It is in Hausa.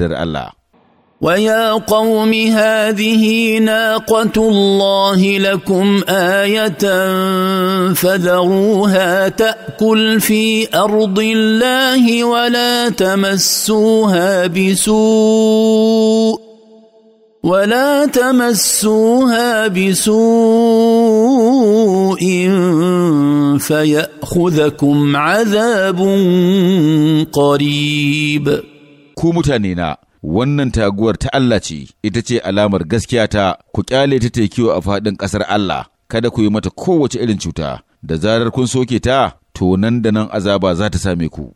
در الله ويا قوم هذه ناقة الله لكم آية فذروها تأكل في أرض الله ولا تمسوها بسوء ولا تمسوها بسوء فيأخذكم عذاب قريب ku na, wannan taguwar ta Allah ce, ita ce alamar gaskiya ta, ku kyale ta kiwo a faɗin ƙasar Allah, kada ku yi mata kowace irin cuta, da zarar kun soke ta, to nan da nan azaba za ta same ku.